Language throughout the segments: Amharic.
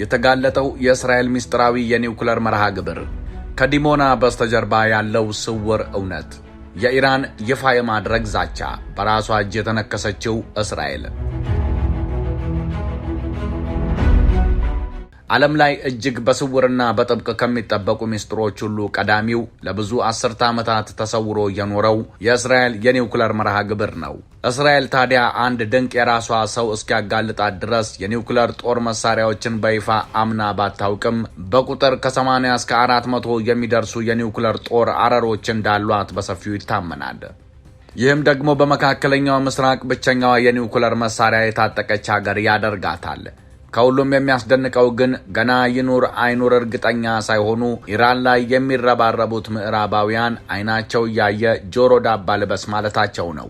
የተጋለጠው የእስራኤል ምስጢራዊ የኒውክለር መርሃ ግብር፣ ከዲሞና በስተጀርባ ያለው ስውር እውነት፣ የኢራን ይፋ የማድረግ ዛቻ፣ በራሷ እጅ የተነከሰችው እስራኤል ዓለም ላይ እጅግ በስውርና በጥብቅ ከሚጠበቁ ሚስጥሮች ሁሉ ቀዳሚው ለብዙ አስርተ ዓመታት ተሰውሮ የኖረው የእስራኤል የኒውክለር መርሃ ግብር ነው። እስራኤል ታዲያ አንድ ድንቅ የራሷ ሰው እስኪያጋልጣት ድረስ የኒውክለር ጦር መሳሪያዎችን በይፋ አምና ባታውቅም በቁጥር ከ80 እስከ 400 የሚደርሱ የኒውክለር ጦር አረሮች እንዳሏት በሰፊው ይታመናል። ይህም ደግሞ በመካከለኛው ምስራቅ ብቸኛዋ የኒውክለር መሳሪያ የታጠቀች ሀገር ያደርጋታል። ከሁሉም የሚያስደንቀው ግን ገና ይኑር አይኑር እርግጠኛ ሳይሆኑ ኢራን ላይ የሚረባረቡት ምዕራባውያን አይናቸው እያየ ጆሮ ዳባ ልበስ ማለታቸው ነው።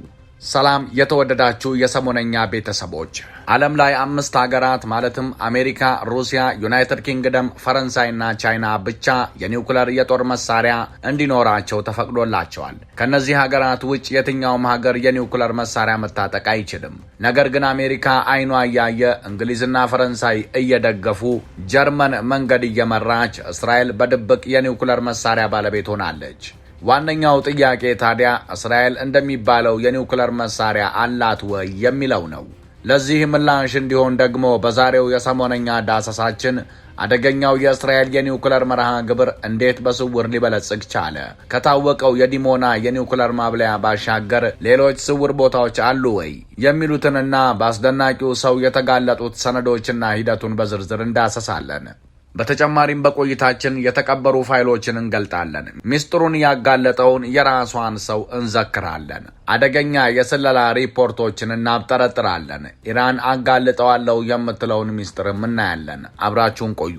ሰላም የተወደዳችሁ የሰሞነኛ ቤተሰቦች፣ ዓለም ላይ አምስት ሀገራት ማለትም አሜሪካ፣ ሩሲያ፣ ዩናይትድ ኪንግደም፣ ፈረንሳይና ቻይና ብቻ የኒውክለር የጦር መሳሪያ እንዲኖራቸው ተፈቅዶላቸዋል። ከእነዚህ ሀገራት ውጭ የትኛውም ሀገር የኒውክለር መሳሪያ መታጠቅ አይችልም። ነገር ግን አሜሪካ አይኗ እያየ እንግሊዝና ፈረንሳይ እየደገፉ፣ ጀርመን መንገድ እየመራች፣ እስራኤል በድብቅ የኒውክለር መሳሪያ ባለቤት ሆናለች። ዋነኛው ጥያቄ ታዲያ እስራኤል እንደሚባለው የኒውክለር መሳሪያ አላት ወይ የሚለው ነው። ለዚህ ምላሽ እንዲሆን ደግሞ በዛሬው የሰሞነኛ ዳሰሳችን አደገኛው የእስራኤል የኒውክለር መርሃ ግብር እንዴት በስውር ሊበለጽግ ቻለ? ከታወቀው የዲሞና የኒውክለር ማብለያ ባሻገር ሌሎች ስውር ቦታዎች አሉ ወይ? የሚሉትንና በአስደናቂው ሰው የተጋለጡት ሰነዶችና ሂደቱን በዝርዝር እንዳሰሳለን። በተጨማሪም በቆይታችን የተቀበሩ ፋይሎችን እንገልጣለን። ሚስጥሩን ያጋለጠውን የራሷን ሰው እንዘክራለን። አደገኛ የስለላ ሪፖርቶችን እናብጠረጥራለን። ኢራን አጋልጠዋለሁ የምትለውን ሚስጥርም እናያለን። አብራችሁን ቆዩ።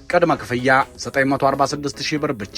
ቅድመ ክፍያ 946000 ብር ብቻ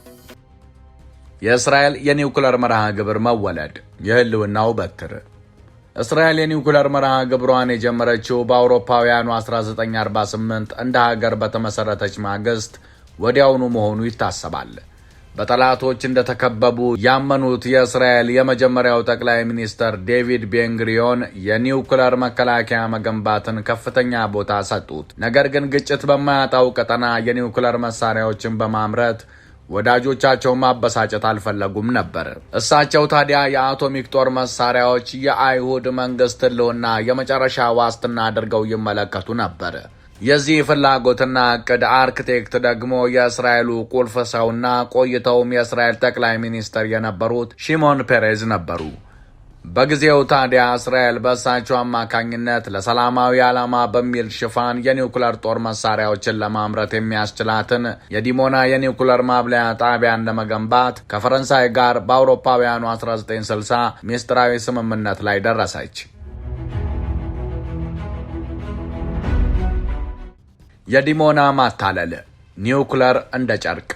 የእስራኤል የኒውክለር መርሃ ግብር መወለድ የህልውናው በትር እስራኤል የኒውክለር መርሃ ግብሯን የጀመረችው በአውሮፓውያኑ 1948 እንደ ሀገር በተመሰረተች ማግስት ወዲያውኑ መሆኑ ይታሰባል። በጠላቶች እንደተከበቡ ያመኑት የእስራኤል የመጀመሪያው ጠቅላይ ሚኒስትር ዴቪድ ቤንግሪዮን የኒውክለር መከላከያ መገንባትን ከፍተኛ ቦታ ሰጡት። ነገር ግን ግጭት በማያጣው ቀጠና የኒውክለር መሳሪያዎችን በማምረት ወዳጆቻቸው ማበሳጨት አልፈለጉም ነበር። እሳቸው ታዲያ የአቶሚክ ጦር መሳሪያዎች የአይሁድ መንግስት ህልውና የመጨረሻ ዋስትና አድርገው ይመለከቱ ነበር። የዚህ ፍላጎትና እቅድ አርክቴክት ደግሞ የእስራኤሉ ቁልፍ ሰውና ቆይተውም የእስራኤል ጠቅላይ ሚኒስትር የነበሩት ሺሞን ፔሬዝ ነበሩ። በጊዜው ታዲያ እስራኤል በእሳቸው አማካኝነት ለሰላማዊ ዓላማ በሚል ሽፋን የኒውክለር ጦር መሳሪያዎችን ለማምረት የሚያስችላትን የዲሞና የኒውክለር ማብለያ ጣቢያን ለመገንባት ከፈረንሳይ ጋር በአውሮፓውያኑ 1960 ሚስጥራዊ ስምምነት ላይ ደረሰች። የዲሞና ማታለል ኒውክለር እንደ ጨርቅ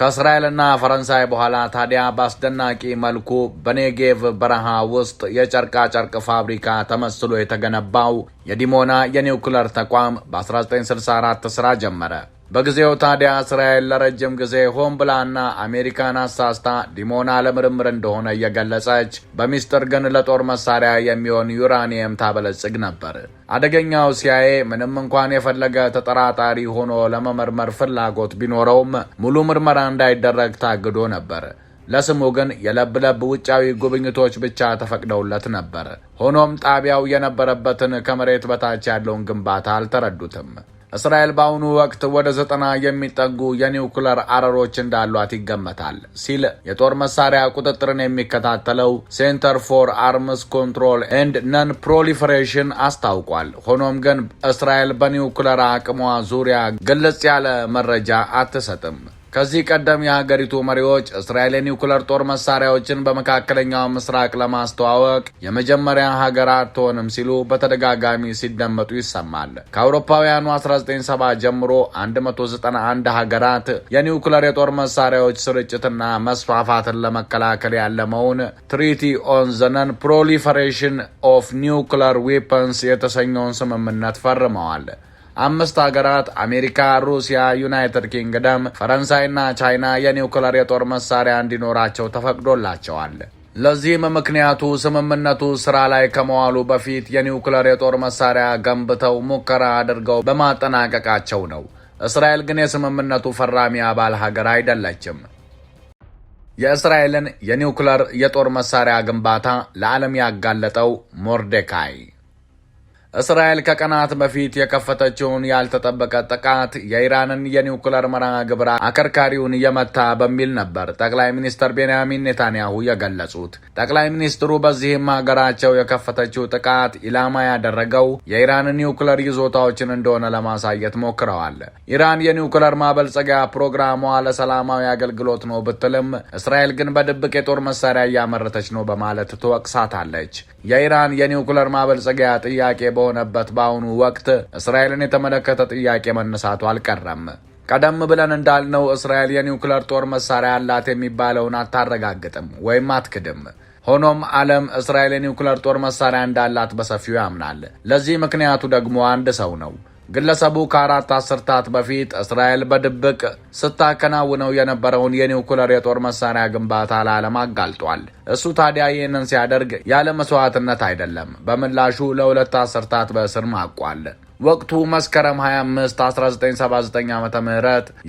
ከእስራኤልና ፈረንሳይ በኋላ ታዲያ በአስደናቂ መልኩ በኔጌቭ በረሃ ውስጥ የጨርቃ ጨርቅ ፋብሪካ ተመስሎ የተገነባው የዲሞና የኒውክለር ተቋም በ1964 ስራ ጀመረ። በጊዜው ታዲያ እስራኤል ለረጅም ጊዜ ሆን ብላና አሜሪካን አሳስታ ዲሞና ለምርምር እንደሆነ እየገለጸች በሚስጥር ግን ለጦር መሳሪያ የሚሆን ዩራኒየም ታበለጽግ ነበር። አደገኛው ሲያዬ ምንም እንኳን የፈለገ ተጠራጣሪ ሆኖ ለመመርመር ፍላጎት ቢኖረውም ሙሉ ምርመራ እንዳይደረግ ታግዶ ነበር። ለስሙ ግን የለብ ለብ ውጫዊ ጉብኝቶች ብቻ ተፈቅደውለት ነበር። ሆኖም ጣቢያው የነበረበትን ከመሬት በታች ያለውን ግንባታ አልተረዱትም። እስራኤል በአሁኑ ወቅት ወደ ዘጠና የሚጠጉ የኒውክለር አረሮች እንዳሏት ይገመታል ሲል የጦር መሳሪያ ቁጥጥርን የሚከታተለው ሴንተር ፎር አርምስ ኮንትሮል ኤንድ ነን ፕሮሊፈሬሽን አስታውቋል። ሆኖም ግን እስራኤል በኒውክለር አቅሟ ዙሪያ ግልጽ ያለ መረጃ አትሰጥም። ከዚህ ቀደም የሀገሪቱ መሪዎች እስራኤል የኒውክለር ጦር መሳሪያዎችን በመካከለኛው ምስራቅ ለማስተዋወቅ የመጀመሪያ ሀገር አትሆንም ሲሉ በተደጋጋሚ ሲደመጡ ይሰማል። ከአውሮፓውያኑ 1970 ጀምሮ 191 ሀገራት የኒውክለር የጦር መሳሪያዎች ስርጭትና መስፋፋትን ለመከላከል ያለመውን ትሪቲ ኦን ዘነን ፕሮሊፈሬሽን ኦፍ ኒውክለር ዌፐንስ የተሰኘውን ስምምነት ፈርመዋል። አምስት ሀገራት አሜሪካ፣ ሩሲያ፣ ዩናይትድ ኪንግደም፣ ፈረንሳይና ቻይና የኒውክለር የጦር መሳሪያ እንዲኖራቸው ተፈቅዶላቸዋል። ለዚህም ምክንያቱ ስምምነቱ ስራ ላይ ከመዋሉ በፊት የኒውክለር የጦር መሳሪያ ገንብተው ሙከራ አድርገው በማጠናቀቃቸው ነው። እስራኤል ግን የስምምነቱ ፈራሚ አባል ሀገር አይደለችም። የእስራኤልን የኒውክለር የጦር መሳሪያ ግንባታ ለዓለም ያጋለጠው ሞርዴካይ እስራኤል ከቀናት በፊት የከፈተችውን ያልተጠበቀ ጥቃት የኢራንን የኒውክለር መርሃ ግብር አከርካሪውን እየመታ በሚል ነበር ጠቅላይ ሚኒስትር ቤንያሚን ኔታንያሁ የገለጹት። ጠቅላይ ሚኒስትሩ በዚህም ሀገራቸው የከፈተችው ጥቃት ኢላማ ያደረገው የኢራን ኒውክለር ይዞታዎችን እንደሆነ ለማሳየት ሞክረዋል። ኢራን የኒውክለር ማበልጸጊያ ፕሮግራሟ ለሰላማዊ አገልግሎት ነው ብትልም፣ እስራኤል ግን በድብቅ የጦር መሳሪያ እያመረተች ነው በማለት ትወቅሳታለች። የኢራን የኒውክለር ማበልጸጊያ ጥያቄ በ በሆነበት በአሁኑ ወቅት እስራኤልን የተመለከተ ጥያቄ መነሳቱ አልቀረም። ቀደም ብለን እንዳልነው እስራኤል የኒውክለር ጦር መሳሪያ ያላት የሚባለውን አታረጋግጥም ወይም አትክድም። ሆኖም ዓለም እስራኤል የኒውክለር ጦር መሳሪያ እንዳላት በሰፊው ያምናል። ለዚህ ምክንያቱ ደግሞ አንድ ሰው ነው። ግለሰቡ ከአራት አስርታት በፊት እስራኤል በድብቅ ስታከናውነው የነበረውን የኒውክለር የጦር መሳሪያ ግንባታ ለዓለም አጋልጧል። እሱ ታዲያ ይህንን ሲያደርግ ያለ መስዋዕትነት አይደለም። በምላሹ ለሁለት አስርታት በእስር ማቋል። ወቅቱ መስከረም 25 1979 ዓ ም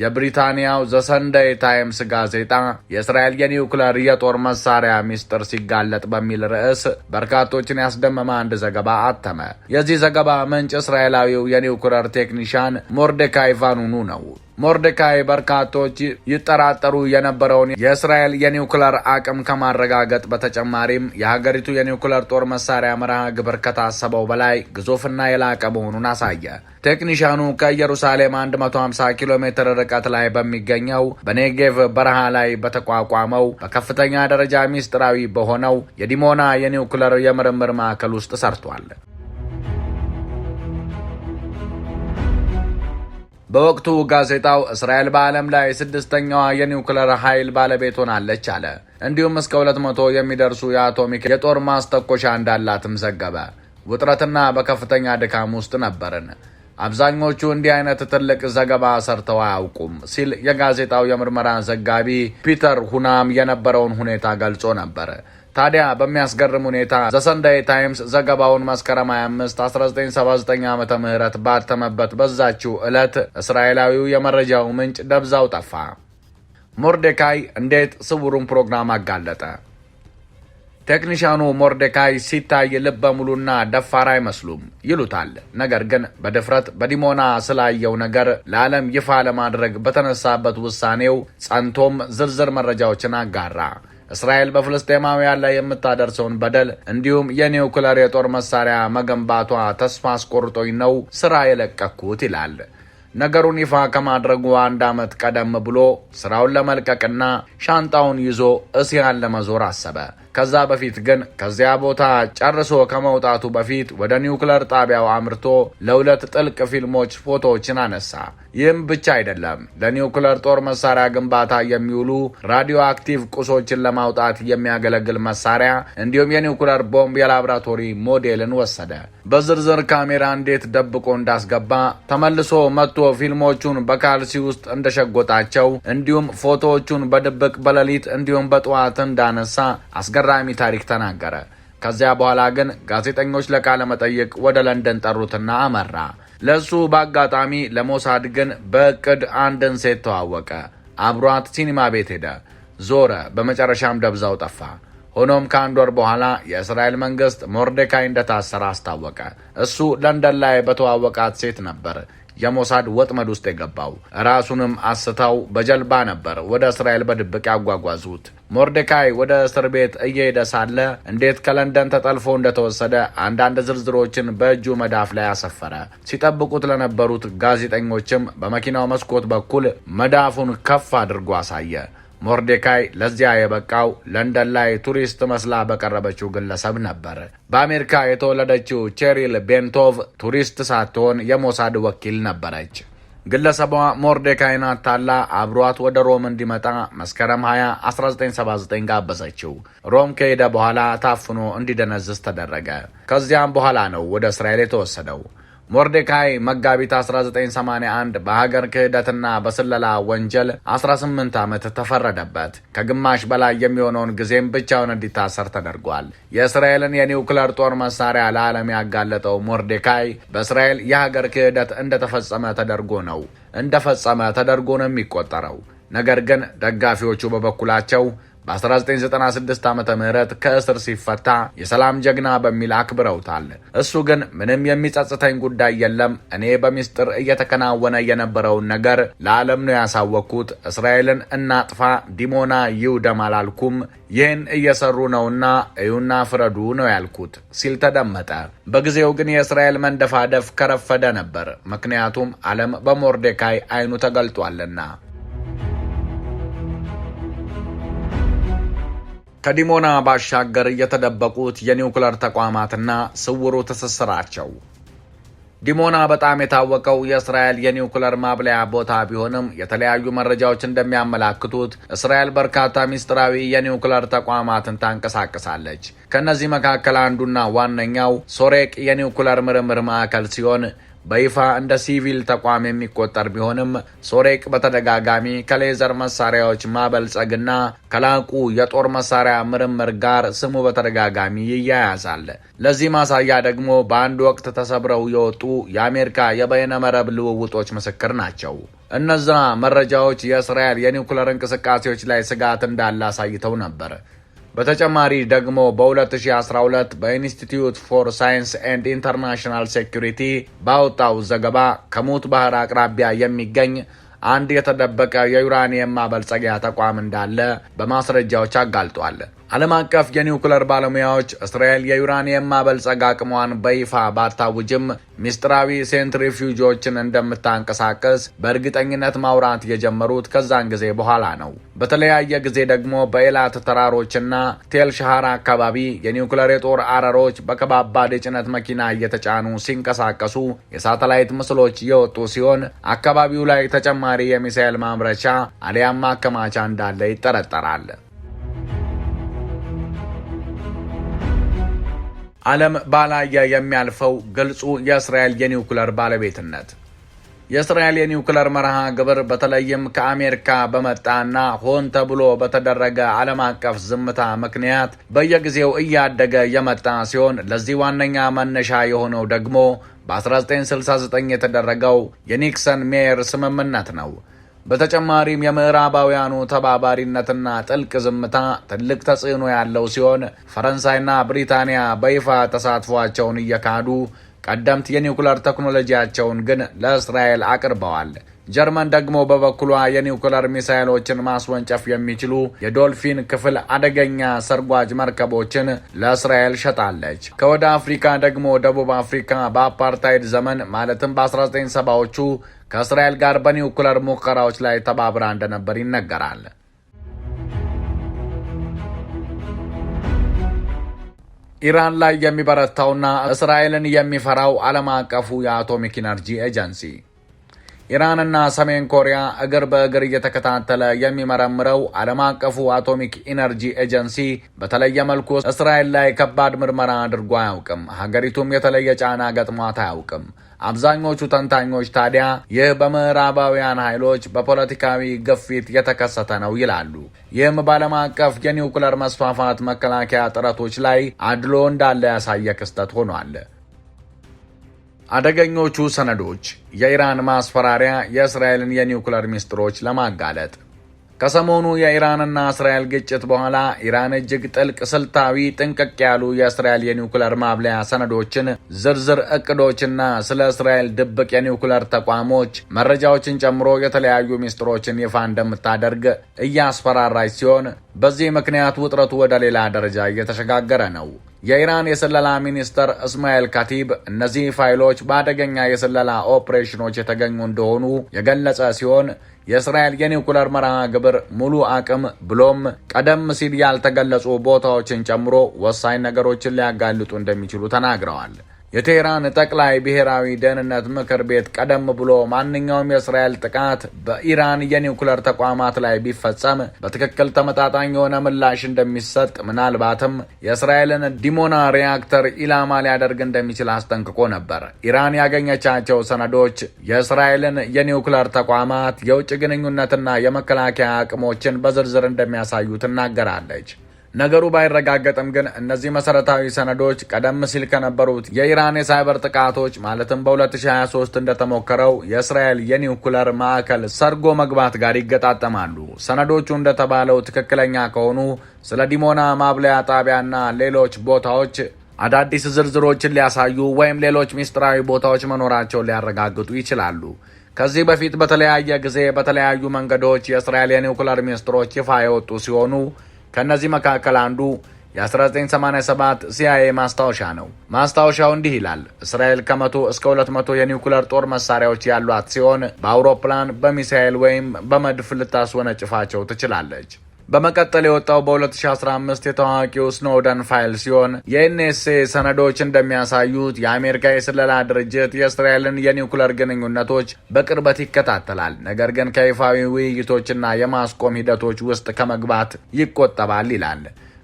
የብሪታንያው ዘሰንደይ ታይምስ ጋዜጣ የእስራኤል የኒውክለር የጦር መሳሪያ ሚስጥር ሲጋለጥ በሚል ርዕስ በርካቶችን ያስደመመ አንድ ዘገባ አተመ። የዚህ ዘገባ ምንጭ እስራኤላዊው የኒውክለር ቴክኒሻን ሞርዴካይ ቫኑኑ ነው። ሞርዴካይ በርካቶች ይጠራጠሩ የነበረውን የእስራኤል የኒውክለር አቅም ከማረጋገጥ በተጨማሪም የሀገሪቱ የኒውክለር ጦር መሳሪያ መርሃ ግብር ከታሰበው በላይ ግዙፍና የላቀ መሆኑን አሳየ። ቴክኒሽያኑ ከኢየሩሳሌም 150 ኪሎ ሜትር ርቀት ላይ በሚገኘው በኔጌቭ በረሃ ላይ በተቋቋመው በከፍተኛ ደረጃ ሚስጥራዊ በሆነው የዲሞና የኒውክለር የምርምር ማዕከል ውስጥ ሰርቷል። በወቅቱ ጋዜጣው እስራኤል በዓለም ላይ ስድስተኛዋ የኒውክለር ኃይል ባለቤት ሆናለች አለ። እንዲሁም እስከ 200 መቶ የሚደርሱ የአቶሚክ የጦር ማስተኮሻ እንዳላትም ዘገበ። ውጥረትና በከፍተኛ ድካም ውስጥ ነበርን። አብዛኞቹ እንዲህ አይነት ትልቅ ዘገባ ሰርተው አያውቁም ሲል የጋዜጣው የምርመራ ዘጋቢ ፒተር ሁናም የነበረውን ሁኔታ ገልጾ ነበር። ታዲያ በሚያስገርም ሁኔታ ዘሰንዳይ ታይምስ ዘገባውን መስከረም 25 1979 ዓ ም ባተመበት በዛችው ዕለት እስራኤላዊው የመረጃው ምንጭ ደብዛው ጠፋ። ሞርዴካይ እንዴት ስውሩን ፕሮግራም አጋለጠ? ቴክኒሽያኑ ሞርዴካይ ሲታይ ልበ ሙሉና ደፋር አይመስሉም ይሉታል። ነገር ግን በድፍረት በዲሞና ስላየው ነገር ለዓለም ይፋ ለማድረግ በተነሳበት ውሳኔው ጸንቶም ዝርዝር መረጃዎችን አጋራ። እስራኤል በፍልስጤማውያን ላይ የምታደርሰውን በደል እንዲሁም የኒውክለር የጦር መሳሪያ መገንባቷ ተስፋ አስቆርጦኝ ነው ስራ የለቀኩት ይላል። ነገሩን ይፋ ከማድረጉ አንድ ዓመት ቀደም ብሎ ስራውን ለመልቀቅና ሻንጣውን ይዞ እስያን ለመዞር አሰበ። ከዛ በፊት ግን ከዚያ ቦታ ጨርሶ ከመውጣቱ በፊት ወደ ኒውክለር ጣቢያው አምርቶ ለሁለት ጥልቅ ፊልሞች ፎቶዎችን አነሳ። ይህም ብቻ አይደለም፣ ለኒውክለር ጦር መሳሪያ ግንባታ የሚውሉ ራዲዮ አክቲቭ ቁሶችን ለማውጣት የሚያገለግል መሳሪያ እንዲሁም የኒውክለር ቦምብ የላብራቶሪ ሞዴልን ወሰደ። በዝርዝር ካሜራ እንዴት ደብቆ እንዳስገባ ተመልሶ መጥቶ ፊልሞቹን በካልሲ ውስጥ እንደሸጎጣቸው እንዲሁም ፎቶዎቹን በድብቅ በሌሊት እንዲሁም በጠዋት እንዳነሳ አስገ አስገራሚ ታሪክ ተናገረ። ከዚያ በኋላ ግን ጋዜጠኞች ለቃለ መጠይቅ ወደ ለንደን ጠሩትና አመራ። ለሱ በአጋጣሚ ለሞሳድ ግን በእቅድ አንድን ሴት ተዋወቀ። አብሯት ሲኒማ ቤት ሄደ፣ ዞረ። በመጨረሻም ደብዛው ጠፋ። ሆኖም ከአንድ ወር በኋላ የእስራኤል መንግስት ሞርዴካይ እንደታሰረ አስታወቀ። እሱ ለንደን ላይ በተዋወቃት ሴት ነበር የሞሳድ ወጥመድ ውስጥ የገባው። ራሱንም አስተው በጀልባ ነበር ወደ እስራኤል በድብቅ ያጓጓዙት። ሞርዴካይ ወደ እስር ቤት እየሄደ ሳለ እንዴት ከለንደን ተጠልፎ እንደተወሰደ አንዳንድ ዝርዝሮችን በእጁ መዳፍ ላይ አሰፈረ። ሲጠብቁት ለነበሩት ጋዜጠኞችም በመኪናው መስኮት በኩል መዳፉን ከፍ አድርጎ አሳየ። ሞርዴካይ ለዚያ የበቃው ለንደን ላይ ቱሪስት መስላ በቀረበችው ግለሰብ ነበር። በአሜሪካ የተወለደችው ቼሪል ቤንቶቭ ቱሪስት ሳትሆን የሞሳድ ወኪል ነበረች። ግለሰቧ ሞርዴካይን አታላ አብሯት ወደ ሮም እንዲመጣ መስከረም 20 1979 ጋበዘችው። ሮም ከሄደ በኋላ ታፍኖ እንዲደነዝዝ ተደረገ። ከዚያም በኋላ ነው ወደ እስራኤል የተወሰደው። ሞርዴካይ መጋቢት 1981 በሀገር ክህደትና በስለላ ወንጀል 18 ዓመት ተፈረደበት። ከግማሽ በላይ የሚሆነውን ጊዜም ብቻውን እንዲታሰር ተደርጓል። የእስራኤልን የኒውክለር ጦር መሳሪያ ለዓለም ያጋለጠው ሞርዴካይ በእስራኤል የሀገር ክህደት እንደተፈጸመ ተደርጎ ነው እንደፈጸመ ተደርጎ ነው የሚቆጠረው። ነገር ግን ደጋፊዎቹ በበኩላቸው በ1996 ዓ ም ከእስር ሲፈታ የሰላም ጀግና በሚል አክብረውታል። እሱ ግን ምንም የሚጸጽተኝ ጉዳይ የለም፣ እኔ በሚስጥር እየተከናወነ የነበረውን ነገር ለዓለም ነው ያሳወቅኩት። እስራኤልን እናጥፋ፣ ዲሞና ይውደም አላልኩም። ይህን እየሰሩ ነውና እዩና ፍረዱ ነው ያልኩት ሲል ተደመጠ። በጊዜው ግን የእስራኤል መንደፋደፍ ከረፈደ ነበር፣ ምክንያቱም ዓለም በሞርዴካይ አይኑ ተገልጧልና። ከዲሞና ባሻገር የተደበቁት የኒውክለር ተቋማትና ስውሩ ትስስራቸው ዲሞና በጣም የታወቀው የእስራኤል የኒውክለር ማብለያ ቦታ ቢሆንም የተለያዩ መረጃዎች እንደሚያመላክቱት እስራኤል በርካታ ሚስጥራዊ የኒውክለር ተቋማትን ታንቀሳቅሳለች። ከእነዚህ መካከል አንዱና ዋነኛው ሶሬቅ የኒውክለር ምርምር ማዕከል ሲሆን በይፋ እንደ ሲቪል ተቋም የሚቆጠር ቢሆንም ሶሬቅ በተደጋጋሚ ከሌዘር መሳሪያዎች ማበልጸግና ከላቁ የጦር መሳሪያ ምርምር ጋር ስሙ በተደጋጋሚ ይያያዛል። ለዚህ ማሳያ ደግሞ በአንድ ወቅት ተሰብረው የወጡ የአሜሪካ የበይነመረብ ልውውጦች ምስክር ናቸው። እነዛ መረጃዎች የእስራኤል የኒውክለር እንቅስቃሴዎች ላይ ስጋት እንዳለ አሳይተው ነበር። በተጨማሪ ደግሞ በ2012 በኢንስቲትዩት ፎር ሳይንስ ኤንድ ኢንተርናሽናል ሴኩሪቲ ባወጣው ዘገባ ከሙት ባህር አቅራቢያ የሚገኝ አንድ የተደበቀ የዩራኒየም ማበልጸጊያ ተቋም እንዳለ በማስረጃዎች አጋልጧል። ዓለም አቀፍ የኒውክለር ባለሙያዎች እስራኤል የዩራኒየም ማበልጸግ አቅሟን በይፋ ባታውጅም ሚስጥራዊ ሴንትሪፊውጆችን እንደምታንቀሳቀስ በእርግጠኝነት ማውራት የጀመሩት ከዛን ጊዜ በኋላ ነው። በተለያየ ጊዜ ደግሞ በኤላት ተራሮችና ቴል ሻሃር አካባቢ የኒውክለር የጦር አረሮች በከባባድ የጭነት መኪና እየተጫኑ ሲንቀሳቀሱ የሳተላይት ምስሎች እየወጡ ሲሆን አካባቢው ላይ ተጨማሪ የሚሳኤል ማምረቻ አሊያም ማከማቻ እንዳለ ይጠረጠራል። ዓለም ባላየ የሚያልፈው ግልጹ የእስራኤል የኒውክለር ባለቤትነት የእስራኤል የኒውክለር መርሃ ግብር በተለይም ከአሜሪካ በመጣና ሆን ተብሎ በተደረገ ዓለም አቀፍ ዝምታ ምክንያት በየጊዜው እያደገ የመጣ ሲሆን ለዚህ ዋነኛ መነሻ የሆነው ደግሞ በ1969 የተደረገው የኒክሰን ሜየር ስምምነት ነው። በተጨማሪም የምዕራባውያኑ ተባባሪነትና ጥልቅ ዝምታ ትልቅ ተጽዕኖ ያለው ሲሆን ፈረንሳይና ብሪታንያ በይፋ ተሳትፏቸውን እየካዱ ቀደምት የኒውክለር ቴክኖሎጂያቸውን ግን ለእስራኤል አቅርበዋል። ጀርመን ደግሞ በበኩሏ የኒውክለር ሚሳይሎችን ማስወንጨፍ የሚችሉ የዶልፊን ክፍል አደገኛ ሰርጓጅ መርከቦችን ለእስራኤል ሸጣለች። ከወደ አፍሪካ ደግሞ ደቡብ አፍሪካ በአፓርታይድ ዘመን ማለትም በ1970ዎቹ ከእስራኤል ጋር በኒውክለር ሙከራዎች ላይ ተባብራ እንደነበር ይነገራል። ኢራን ላይ የሚበረታውና እስራኤልን የሚፈራው ዓለም አቀፉ የአቶሚክ ኢነርጂ ኤጀንሲ ኢራንና ሰሜን ኮሪያ እግር በእግር እየተከታተለ የሚመረምረው ዓለም አቀፉ አቶሚክ ኢነርጂ ኤጀንሲ በተለየ መልኩ እስራኤል ላይ ከባድ ምርመራ አድርጎ አያውቅም። ሀገሪቱም የተለየ ጫና ገጥሟት አያውቅም። አብዛኞቹ ተንታኞች ታዲያ ይህ በምዕራባውያን ኃይሎች በፖለቲካዊ ግፊት የተከሰተ ነው ይላሉ። ይህም ባለም አቀፍ የኒውክለር መስፋፋት መከላከያ ጥረቶች ላይ አድሎ እንዳለ ያሳየ ክስተት ሆኗል። አደገኞቹ ሰነዶች የኢራን ማስፈራሪያ የእስራኤልን የኒውክለር ሚስጥሮች ለማጋለጥ ከሰሞኑ የኢራንና እስራኤል ግጭት በኋላ ኢራን እጅግ ጥልቅ፣ ስልታዊ፣ ጥንቅቅ ያሉ የእስራኤል የኒውክለር ማብለያ ሰነዶችን፣ ዝርዝር እቅዶችና ስለ እስራኤል ድብቅ የኒውክለር ተቋሞች መረጃዎችን ጨምሮ የተለያዩ ሚስጥሮችን ይፋ እንደምታደርግ እያስፈራራች ሲሆን በዚህ ምክንያት ውጥረቱ ወደ ሌላ ደረጃ እየተሸጋገረ ነው። የኢራን የስለላ ሚኒስተር እስማኤል ካቲብ እነዚህ ፋይሎች በአደገኛ የስለላ ኦፕሬሽኖች የተገኙ እንደሆኑ የገለጸ ሲሆን የእስራኤል የኒውክለር መርሃ ግብር ሙሉ አቅም ብሎም ቀደም ሲል ያልተገለጹ ቦታዎችን ጨምሮ ወሳኝ ነገሮችን ሊያጋልጡ እንደሚችሉ ተናግረዋል። የቴህራን ጠቅላይ ብሔራዊ ደህንነት ምክር ቤት ቀደም ብሎ ማንኛውም የእስራኤል ጥቃት በኢራን የኒውክለር ተቋማት ላይ ቢፈጸም በትክክል ተመጣጣኝ የሆነ ምላሽ እንደሚሰጥ ምናልባትም የእስራኤልን ዲሞና ሪያክተር ኢላማ ሊያደርግ እንደሚችል አስጠንቅቆ ነበር። ኢራን ያገኘቻቸው ሰነዶች የእስራኤልን የኒውክለር ተቋማት የውጭ ግንኙነትና የመከላከያ አቅሞችን በዝርዝር እንደሚያሳዩ ትናገራለች። ነገሩ ባይረጋገጥም ግን እነዚህ መሰረታዊ ሰነዶች ቀደም ሲል ከነበሩት የኢራን የሳይበር ጥቃቶች ማለትም በ2023 እንደተሞከረው የእስራኤል የኒውክለር ማዕከል ሰርጎ መግባት ጋር ይገጣጠማሉ። ሰነዶቹ እንደተባለው ትክክለኛ ከሆኑ ስለ ዲሞና ማብለያ ጣቢያና ሌሎች ቦታዎች አዳዲስ ዝርዝሮችን ሊያሳዩ ወይም ሌሎች ሚስጥራዊ ቦታዎች መኖራቸውን ሊያረጋግጡ ይችላሉ። ከዚህ በፊት በተለያየ ጊዜ በተለያዩ መንገዶች የእስራኤል የኒውክለር ሚኒስትሮች ይፋ የወጡ ሲሆኑ ከእነዚህ መካከል አንዱ የ1987 ሲአይኤ ማስታወሻ ነው። ማስታወሻው እንዲህ ይላል። እስራኤል ከመቶ እስከ 200 የኒውክለር ጦር መሳሪያዎች ያሏት ሲሆን በአውሮፕላን በሚሳኤል ወይም በመድፍ ልታስወነጭፋቸው ትችላለች። በመቀጠል የወጣው በ2015 የታዋቂው ስኖደን ፋይል ሲሆን የኤንኤስኤ ሰነዶች እንደሚያሳዩት የአሜሪካ የስለላ ድርጅት የእስራኤልን የኒውክለር ግንኙነቶች በቅርበት ይከታተላል፣ ነገር ግን ከይፋዊ ውይይቶችና የማስቆም ሂደቶች ውስጥ ከመግባት ይቆጠባል ይላል።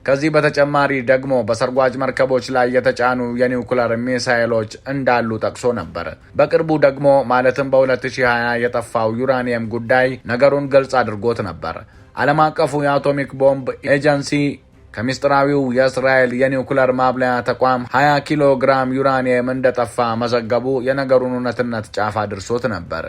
ከዚህ በተጨማሪ ደግሞ በሰርጓጅ መርከቦች ላይ የተጫኑ የኒውክለር ሚሳይሎች እንዳሉ ጠቅሶ ነበር። በቅርቡ ደግሞ ማለትም በ2020 የጠፋው ዩራኒየም ጉዳይ ነገሩን ግልጽ አድርጎት ነበር። ዓለም አቀፉ የአቶሚክ ቦምብ ኤጀንሲ ከምስጢራዊው የእስራኤል የኒውክለር ማብለያ ተቋም 20 ኪሎ ግራም ዩራኒየም እንደጠፋ መዘገቡ የነገሩን እውነትነት ጫፍ አድርሶት ነበር።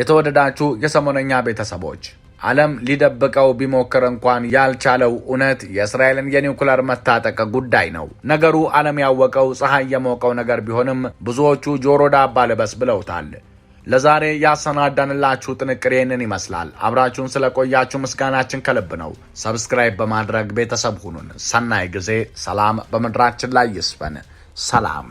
የተወደዳችሁ የሰሞነኛ ቤተሰቦች ዓለም ሊደብቀው ቢሞክር እንኳን ያልቻለው እውነት የእስራኤልን የኒውክለር መታጠቅ ጉዳይ ነው። ነገሩ ዓለም ያወቀው ፀሐይ የሞቀው ነገር ቢሆንም ብዙዎቹ ጆሮ ዳባ ልበስ ብለውታል። ለዛሬ ያሰናዳንላችሁ ጥንቅር ይህንን ይመስላል። አብራችሁን ስለቆያችሁ ምስጋናችን ከልብ ነው። ሰብስክራይብ በማድረግ ቤተሰብ ሁኑን። ሰናይ ጊዜ። ሰላም በምድራችን ላይ ይስፈን። ሰላም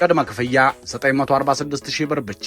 ቅድመ ክፍያ 946 ሺህ ብር ብቻ